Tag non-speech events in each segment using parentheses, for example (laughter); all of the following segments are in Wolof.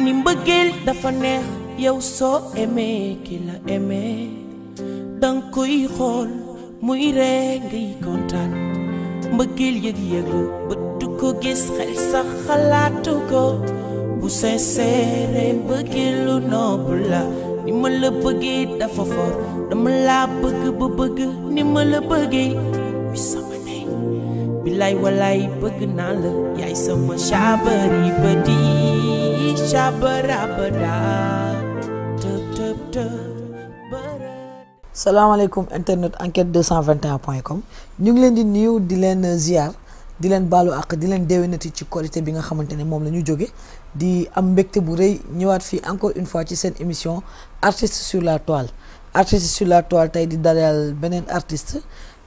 ma ni mbëggeel dafa neex yow soo aimé ki la aimé danga koy xool muy ree ngay kontaan mbëggeel yëg-yëg la du ko gis xel sax xalaatu ko bu sincère mbëggeel lu noobu la ni ma la bëggee dafa for dama laa bëgg ba bëgg ni ma la bëggee billaay wallaay bëgg naa la yaay sama chabari badi chabarabada tëb tëb tëb salaamaaleykum internet enquête 221 point comme ñu ngi leen di nuyu di leen ziar di leen baalu àq di leen déwénati ci qualité bi nga xamante ne moom la ñu jóge di am mbégte bu rëy ñëwaat fii encore une fois ci seen émission artiste sur la toile artiste sur la toile tey di dalal beneen artist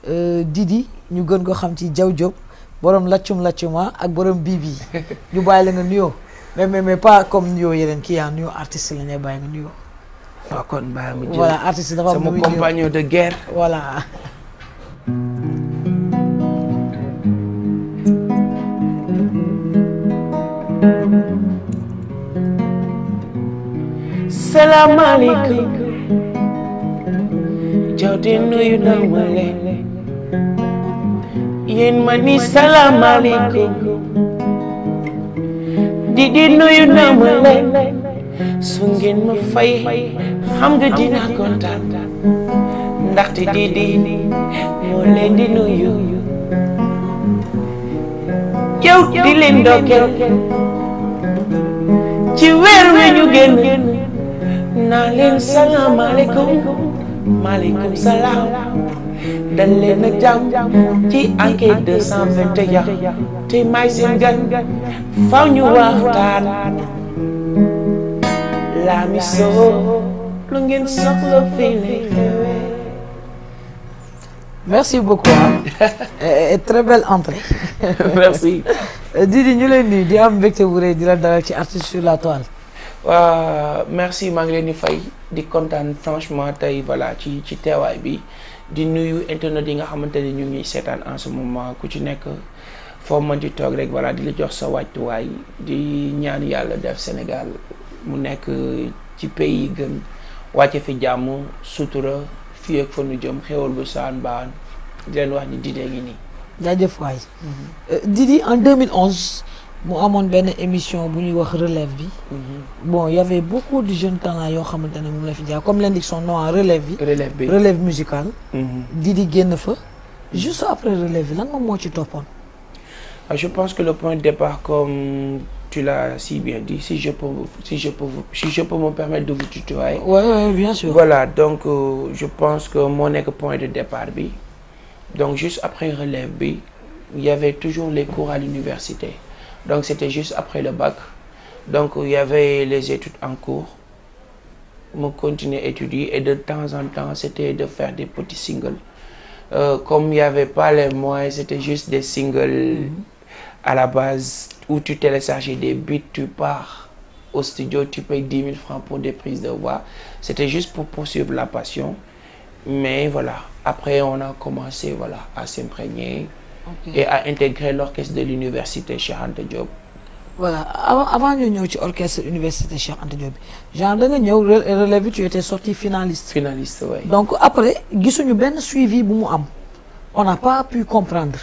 euh, Didi ñu gën ko xam ci Diaw Diop borom laccum laccuma ak borom bii bii bàyyi la nga nuyoo mais mais mais pas comme nuyoo yeneen kii yaa ah, nuyoo artiste la bàyyi nga nuyoo. waaw kon dafa sama compagnon de guerre voilà. salaamaaleykum. Jawde nuyu naa ma leen. yéen ma ni salaamaaleykum di di nuyu naa ma su ngeen ma fay xam nga dinaa kontaan ndaxte di di moo leen di nuyu yow di leen ndokkeel ci weer wi ñu génn naa leen salaamaaleykum maaleykum salaam dal leen ak jàmm ci enquête te may seen gan faw ñu waxtaan la mission lu ngeen soxla fii lay xewee merci beaucoup (laughs) et très belle entrée (laughs) merci euh, ñu leen nuyu di am mbégte bu rëy di la dalal ci artiste sur la toile waaw merci maa ngi leen di fay di kontaan franchement tey voilà ci ci teewaay bi di nuyu internet yi nga xamante ni ñu ngi seetaan en ce ku ci nekk foo mën di toog rek voilà di la jox sa wàccuwaay di ñaan yàlla def Sénégal mu nekk ci pays yi gën wàcce fi jàmm sutura fii ak nu jëm xéwal bu saan baan di leen wax ni Didé ngi nii. jaajëf waay. Mm-hmm. Euh, Didi en mu amoon benn émission bu ñuy wax relève bi. Mhm. bon y avait beaucoup de jeunes talents yoo xamante ne moom la fi jaar comme l'indique son nom relève bi. relève bi relève musicale. Mhm. di di génn fa. juste après relève bi lan moom moo ci toppoon. Ah, je pense que le point de départ comme. tu l'as si bien dit si je peux si je peux si je peux me permettre de vous tutoyer. oui bien sûr. voilà donc euh, je pense que moo nekk point de départ bi donc juste après relève bi il y toujours les cours à l'université donc c'était juste après le bac donc il y avait les études en cours mu continuer étudier et de temps en temps c'était de faire des petits singles euh, comme il y avait pas les moyens c'était juste des singles mm-hmm. à la base où tu télécharges des beats tu pars au studio tu payes 10 000 francs pour des prises de voix c'était juste pour poursuivre la passion mais voilà après on a commencé voilà à s'imprégner Okay. et a intégré l'orchestre de l'université Cheikh Anta Diop. voilà avant avant ñu ñëw ci orchestre université Cheikh Anta Diop bi genre da nga ñëw relève tu étais sorti finaliste. finaliste waay ouais. donc après gisuñu benn suivi bu mu am on n'a pas pu comprendre.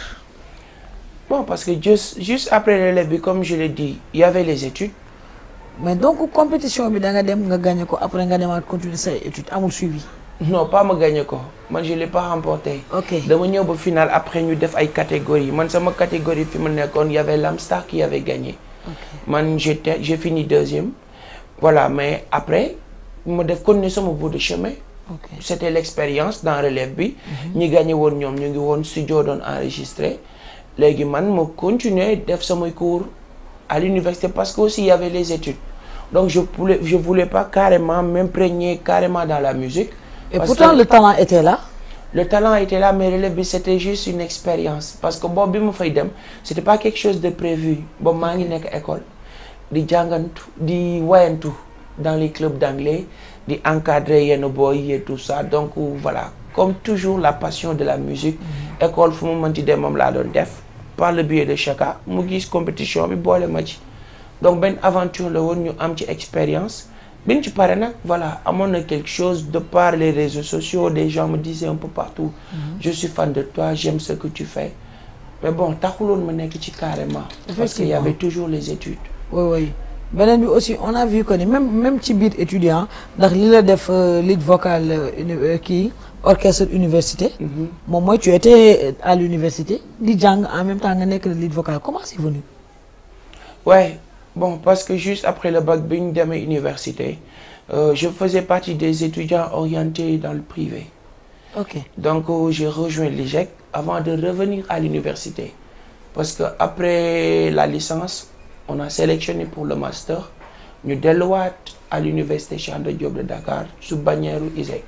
bon parce que juste juste après relève bi comme je l'ai dit il y les études. mais donc compétition bi da nga dem nga gagné ko après nga demaat continuer say études amul suivi. non pas ma gagné ko. man je l'ai pas remporté. ok dama ñëw ba final après ñu def ay catégories man sama catégorie fi ma nekkoon y avait Lamstar qui avait gagné. ok man j'étais j'ai fini deuxième. voilà mais après ma def continuer sama bout de chemin. ok c'était l'expérience dans relève bi. Mhm. ñi gagné woon ñoom ñu ngi woon studio doon enregistré. léegi man moo continuer def samay cours à l'université parce que aussi y avait les études donc je voulais je voulais pas carrément m'imprégner carrément la musique. et pourtant le talent était là. le talent était là mais relève bi c'était juste une expérience parce que boobu bi ma fay dem c'était pas quelque chose de prévu boobu maa ngi nekk école di jàngantu di wayantu dans les clubs d'anglais di encadrer yenn boy et tout ça donc voilà comme toujours la passion de la musique mm-hmm. école fu mu mënti dem moom laa doon def par le biais de Chaka mu gis compétition bi boole ma ci donc benn aventure la woon ñu am ci expérience biñ ci pare nag voilà amoon na quelque chose de par les réseaux sociaux des gens me disaient un peu partout. Mhm. je suis fan de toi j'aime ce que tu fais. mais bon taxuloon ma nekk ci carrément. parce qu'il y avait toujours les études. oui oui beneen bi aussi on a vu que ni même même ci biir étudiant ah, ndax li la def euh, lead vocal euh, euh, kii orchestre université. Mhm. moom mooy tu étais à l'université di jàng en même temps nga nekk lead vocal comment c'est venu. bon parce que juste après le bac bi ñu demee université euh, je faisais partie des étudiants orientés dans le privé. ok donc euh, j'ai rejoint l'IJEC avant de revenir à l'université parce que après la licence on a sélectionné pour le master ñu delluwaat à l'université Cheikh Anta Diop de Dakar sous bannière IJEC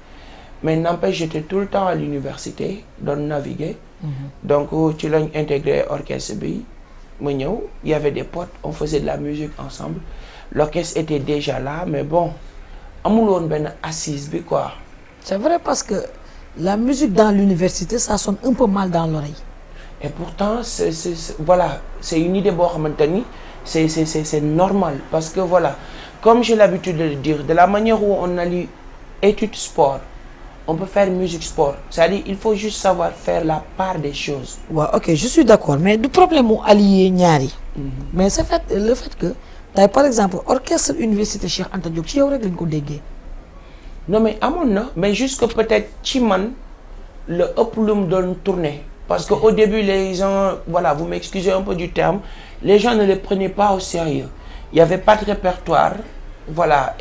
mais n'empêche j'étais tout le temps à l'université doon naviguer. Mm -hmm. donc euh, ci lañ intégré orchestre bi. ma ñëw il des potes on faisait de la musique ensemble l'orchestre était déjà là mais bon amul woon benn assise bi quoi. c'est vrai parce que la musique dans l'université ça sonne un peu mal dans l'oreille. et pourtant c'est c'est voilà c'est une idée boo xamante ni c'est c'est c'est normal parce que voilà comme j'ai l'habitude de le dire de la manière où on allie étude sport. on peut faire musique sport c'est-à-dire il faut juste savoir faire la part des choses. ok je suis d'accord mais du problème mu allier ñaar mhm. mais c'est fait le fait que tey par exemple orchestre université Cheikh Anta Diop ci yow rek lañ ko non mais amoon na mais juste que peut-être ci man le ëpp lu mu doon tourner parce que au début les gens voilà vous m'excusez un peu du terme les gens ne les prenaient pas au sérieux il y avait pas de répertoire voilà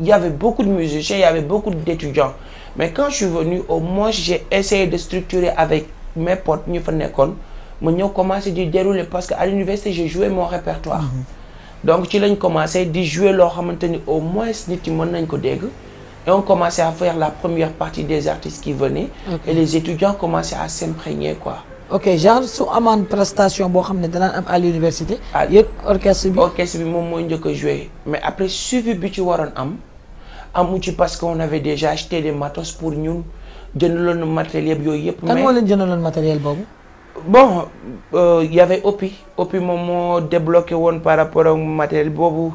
il y avait beaucoup de musiciens, il y avait beaucoup d'étudiants. Mais quand je suis venu, au moins, j'ai essayé de structurer avec mes potes, nous faisons mon commencé à dérouler parce qu'à l'université, j'ai joué mon répertoire. Mm -hmm. Donc, tu l'as commencé à jouer leur maintenir au moins et on commençait à faire la première partie des artistes qui venaient okay. et les étudiants commençaient à s'imprégner quoi. ok genre su amaan prestation boo xam ne danaa am à l'université yëg orchestre bi orchestre bi moom mooy njëkk a joué mais après suivi bi ci waroon am amu ci parce que on avait déjà acheté des matos pour ñun jëndaloon matériel yooyu yëpp. mais kan moo leen jëndaloon boobu. bon euh, y avait OPI moom moo débloqué woon par rapport ak matériel boobu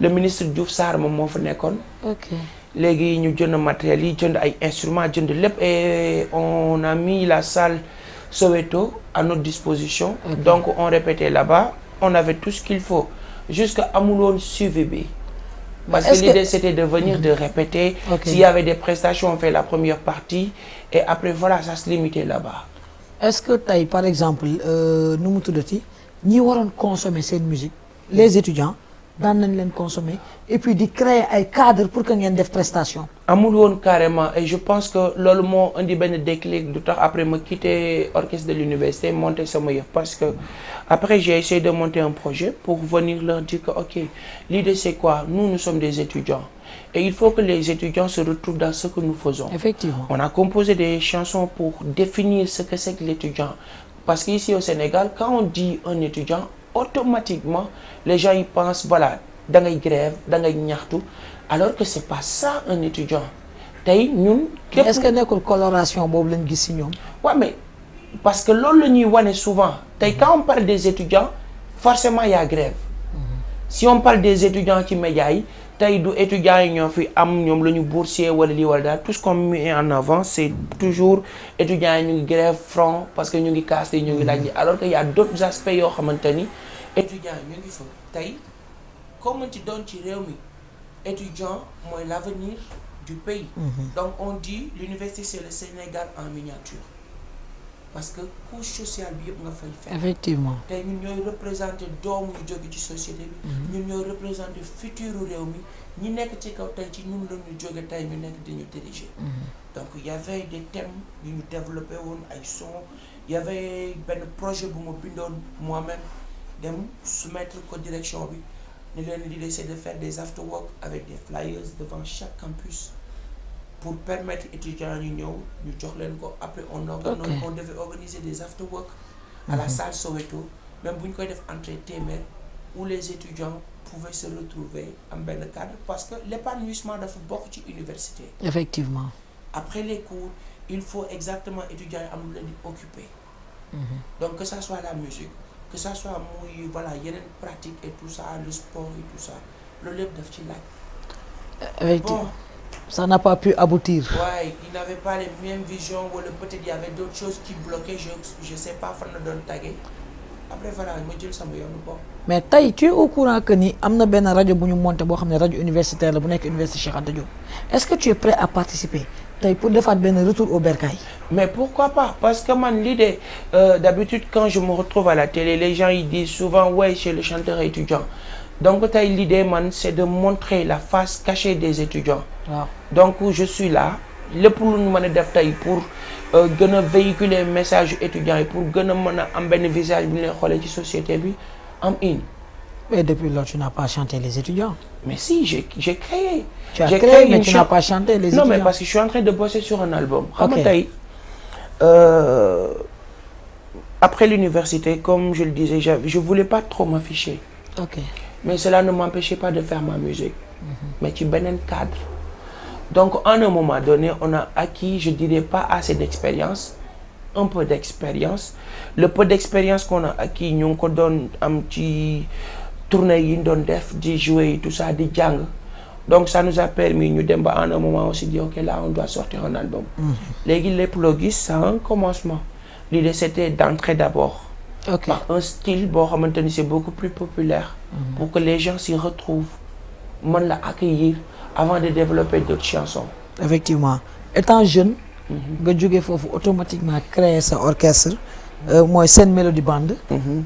le ministre Diouf saar moom moo fa nekkoon. ok léegi ñu jënd matériel yi jënd ay instruments jënd lépp et on a mis la salle. Soweto à notre disposition. donc on répétait là ba on avait tout ce qu'il faut jusque amul woon bi. parce que l'idée c'était de venir de répéter. Okay. s'il y avait des prestations on fait la première partie et après voilà ça se limitait là-bas. est-ce que tey par exemple euh, nu mu tuddati ñi waroon consommer seen musique les étudiants. daan nañ leen consommer et puis di créer ay cadre pour que ngeen def prestation. amul woon carrément et je pense que loolu moo indi benn déclic du tax après ma quitté orchestre de l'université monter sama yëf parce que après j'ai essayé de monter un projet pour venir leur dire que ok l'idée c'est quoi nous nous sommes des étudiants. Et il faut que les étudiants se retrouvent dans ce que nous faisons. Effectivement. On a composé des chansons pour définir ce que c'est que l'étudiant. Parce qu'ici au Sénégal, quand on dit un étudiant, automatiquement les gens ils pensent voilà da ngay grève da ñaxtu alors que c'est pas ça un étudiant tey ñun. képp est-ce que nekkul coloration boobu lañ gis ci ñoom. waaw mais parce que loolu la ñuy wane souvent tey quand on parle des étudiants forcément y a grève mm-hmm. si on parle des étudiants ci médias yi. tey du étudiants yi ñoo fi am ñoom la ñu boursier wala lii wala daal tout ce qu'on met en avant c'est toujours étudiants yi ñu ngi grève front parce que ñu ngi casse ñu ngi laaj alors que y a d'autres aspects yoo xamante ni étudiants ñu ngi fa tey ko man ci doon ci réew mi étudiant mooy la l'avenir du pays. Mm-hmm. donc on dit l'université c'est le Sénégal en miniature. parce que couche sociale bi yëpp nga fay fekk. tey ñun ñooy représenté doom yu jóge ci société bi. Mhm. ñun ñooy représenté futur réew mi ñu nekk ci kaw tey ci ñun la ñu jóge tey ñu nekk di ñu diriger. Mhm. donc y avait des thèmes yu ñu développé woon ay son y benn projet bu ma bindoon moi-même dem soumettre ko direction bi ne leen l'idée c'est de faire des after work avec des flyers devant chaque campus. pour permettre étudiants ñu ñëw ñu jox leen ko après on organise on devait organiser des after work à la mhm. salle Soweto même bu ñu koy def entrée téeméer où les étudiants pouvaient se retrouver am benn cadre parce que l'épanouissement dafa bokk ci université effectivement après les cours il faut exactement étudiants yi am lu leen di occuper mhm. donc que ça soit la musique que ça soit muy yeneen pratique et tout ça le sport et tout ça loolu lépp daf ci laaj euh, bon ça n'a pas pu aboutir. Ouais, il n'avait pas les mêmes visions wala peut y avait d'autres choses qui bloquaient je je sais pas fan la doon tàggee après voilà ma jël sama yoonu bopp. mais tey tu es au courant que ni am na benn rajo bu ñu monté boo xam ne rajo universitaire la bu nekk université Cheikh Anta Diop est-ce que tu es prêt à participer tey pour defaat benn retour au bercail. mais pourquoi pas parce que man l'idée euh, d'habitude quand je me retrouve à la télé les gens ils disent souvent ouais chez donc tey l'idée man c'est de montrer la face cachée des étudiants wow. donc je suis là lépp lu ñu mën a def tey pour euh, gën a véhiculer message étudiants yi pour gën a mën a am benn visage bu ñu leen xoolee ci société bi am une mais depuis lors tu n'as mais si j'ai j'ai créé tu as créé, créé mais tu n'as pas chanté les étudiants mais parce que je suis en train de bosser sur un album xam nga tey euh, après l'université comme je le disais je voulais pas trop m'afficher mais cela ne m'empêchait pas de faire ma musique. mais ci beneen cadre. donc en un moment donné on a acquis je dirais pas assez d'expérience un peu d'expérience le peu d'expérience qu'on a acquis ñu ngi ko doon am ci tournée yi ñu doon def di jouer tout ça di jàng donc ça nous a permis ñu dem ba en un moment aussi di ok là on doit sortir un album. Mm-hmm. léegi lépp loo gis c'est un commencement l'idée c'était d'entrer d'abord. par un style boo xamante ni c'est beaucoup plus populaire. Mm. pour que les gens s'y retrouvent mën la accueillir avant de développer d'autres chansons. effectivement étant jeune. Mhm. nga jógee foofu automatiquement créer sa orchestre. Euh, mooy seen mélodie bande. Mm -hmm.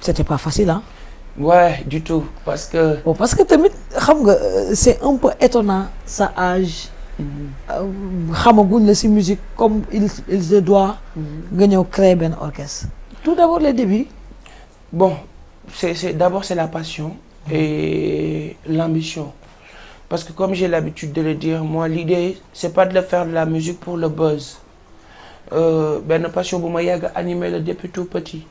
c'était pas facile du tout parce que. parce que tamit xam nga euh, c'est un peu étonnant sa âge. Mhm. Euh, xamaguñ la ci musique comme il il se doit. Mhm. nga ñëw créer benn orchestre. tout d'abord les débuts bon c'est c'est d'abord c'est la passion e l'ambition parce que comme j'ai l'habitude de le dire moi l'idée c'est pas de le faire de la musique pour le buzz euh, benn passion bu ma yàgg animer le depuis tout petit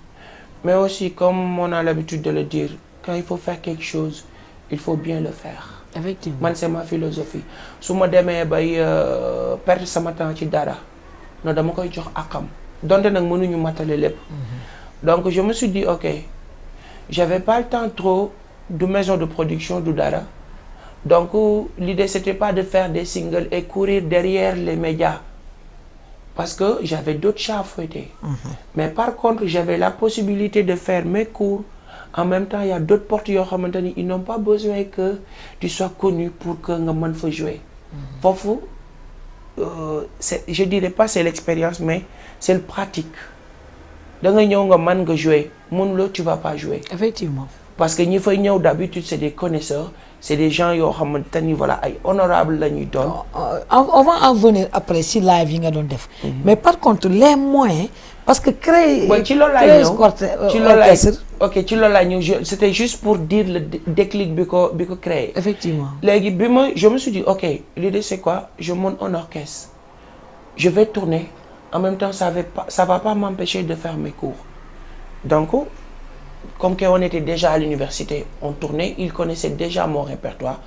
mais aussi comme on a l'habitude de le dire quand il faut faire quelque chose il faut bien le faire effectivement man c'est ma philosophie su ma demee bay euh, perdre sama temps ci dara non dama koy jox akam donte nag mënuñu matale lépp mhm. donc je me suis dit ok j'avais pas le temps trop du maison de production du dara donc l'idée c'était pas de faire des singles et courir derrière les médias parce que j'avais d'autres chats à fouetter. Mhm. mais par contre j'avais la possibilité de faire mes cours en même temps il y a d'autres portes yoo xamante ni ils n'ont pas besoin que tu sois connu pour que nga mën fa jouer mhm. foofu euh, c'est je dirais pas c'est l'expérience mais c'est le pratique da nga ñëw nga man nga jouer mënuloo tu vas pas jouer. effectivement parce que ñi fay ñëw d'habitude c'est des connaisseurs c'est des gens yoo xamante ni voilà ay honorables la ñuy doon. Euh, euh, on va en venir après si live yi nga doon def. Mm-hmm. mais par contre les moyens. parce que créer ci loolu laa ñëw euh, ci loolu laa ok ci loolu laa ñëw c'était juste pour dire le déclic bi ko bi ko créer effectivement léegi bi ma je me suis dit ok l'idée c'est quoi je monte un orchestre je vais tourner en même temps ça va pas m'empêcher de faire mes cours donc comme que on était déjà à l'université on tournait ils connaissaient déjà mon répertoire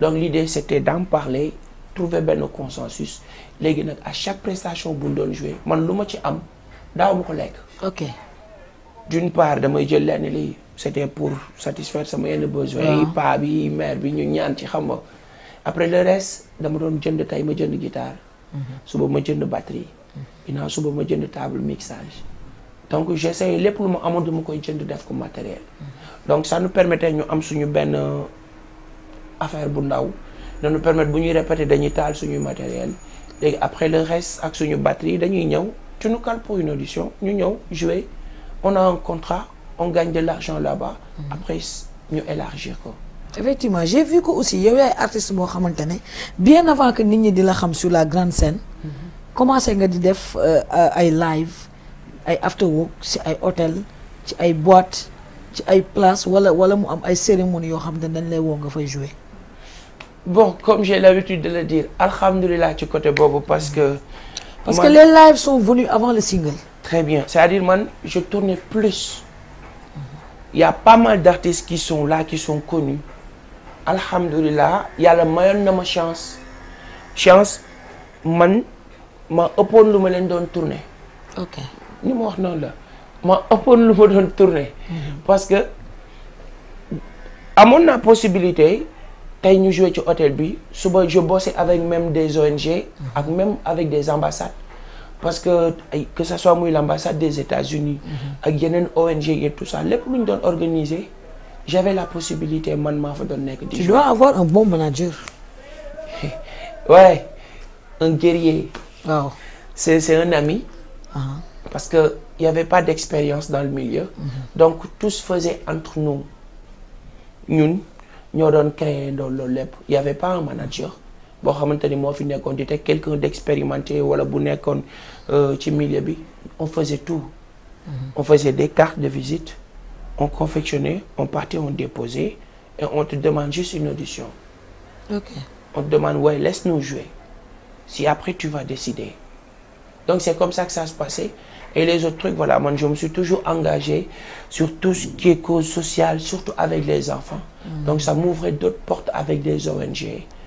donc l'idée c'était d'en parler trouver benn consensus léegi nag à chaque prestation bu ñu jouer man lu ma ci am daaw ma ko lekk. ok d'une part damay jël lenn lii c'était pour satisfaire sama yenn besoins yi ah. paa yi mère bi ñu ñaan ci xam nga après le reste dama doon jënd tey ma jënd guitare. Mhm. suba ma jënd batterie. Mhm. ginnaaw suba ma jënd table mixage. donc j'essaie lépp lu ma amoon dama koy jënd def ko matériel. Mhm. donc ça nous ñu am suñu benn affaire bu ndaw. dañu permettre bu ñuy répéter dañuy taal suñu matériel léegi après le reste ak suñu batterie dañuy ñëw. tu nous cales pour une audition ñu ñëw jouer on a un contrat on gagne de l'argent là mhm. après ñu élargir ko. effectivement j'ai vu que aussi yow yaay artiste boo xamante ne bien avant que nit ñi di la xam sur la grande scène. Mhm. commencé nga di def euh, euh, ay live ay after work ci ay hôtel ci ay boîte ci ay place wala wala mu am ay cérémonie yoo xam ne dañ lay woo nga fay jouer. bon comme j'ai l'habitude de le dire alhamdulilah ci côté boobu parce mhm. que. parce man, que les lives sont venus avant le single. très bien cest à man je tourne plus. il y a pas mal d'artistes la sont là qui sont connus. alhamdulilah yàlla mayoon na ma chance. chance man ma ëppoon lu ma leen doon tourné. ok ni ma wax noonu la ma ëppoon lu ma doon tourné. Mhm. parce que amoon naa possibilité tey ñu joué ci hôtel bi suba je bossais avec même des ONG. ak même avec des ambassades. parce que que ça soit muy l'ambassade des États-Unis mhm. ak yeneen ONG et tout ça lépp lu ñu doon organiser j'avais la possibilité man maa fa doon nekk. tu dois avoir un bon manager. (laughs) ouais un guerrier. waaw c'est c'est un ami. Ah. parce que il y avait pas d'expérience dans le milieu. Mm -hmm. donc tout se faisait entre nous ñun. ñoo doon créer doon loolu lépp pa avait pas un manager boo xamante ni moo fi nekkoon di teg quelqu'un d'expérimenté wala bu nekkoon euh, ci milieu bi on faisait tout mm-hmm. on faisait des cartes de visite on confectionnait on partait on déposait et on te demande juste une audition on te demande ouais laisse-nous jouer si après tu vas décider donc c'est comme ça que ça se passait et les autres trucs voilà man je me suis toujours engagé sur tout ce qui est cause sociale surtout avec les enfants. Mm. donc ça m'ouvrait d'autres portes avec des ONG.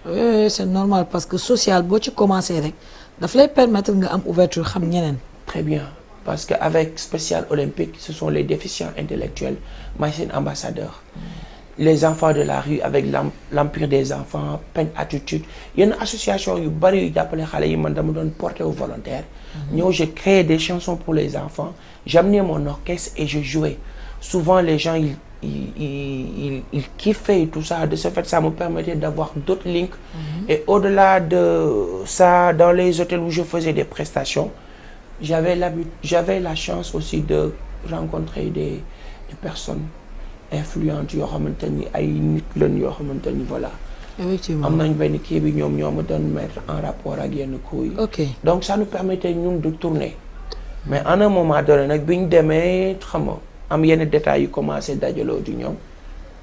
oui c'est normal parce que social boo ci commencé rek daf lay permettre nga am ouverture xam ñeneen. très bien parce que avec spécial olympique ce sont les déficients intellectuels may seen ambassadeur. Mm. les enfants de la rue avec l'empire des enfants Peine Attitude yenn association yu bari yu jàppale xale yi man dama doon porter au volontaire mhm. ñëw j'ai créé des chansons pour les enfants j'amenais mon orchestre et je jouais souvent les gens ils ils ils kiffaient et tout ça de ce fait ça me permettait d'avoir d'autres links mhm. et au-delà de ça dans les hôtels où je faisais des prestations j'avais l'habitude j'avais la chance aussi de rencontrer des des personnes influente yoo xamante ni ay nit lañ yoo xamante ni voilà. effectivement am nañ benn kii bi ñoom ñoo ma doon mettre en rapport ak yenn coups yi. ok donc ça nous permettait ñun de tourner. mais en un moment donné nag bi ñu demee xam nga am yenn détails yu commencé dajaloo di ñoom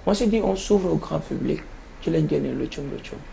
on s'est dit on s'ouvre grand public ci lañ génnee lu cum lu cum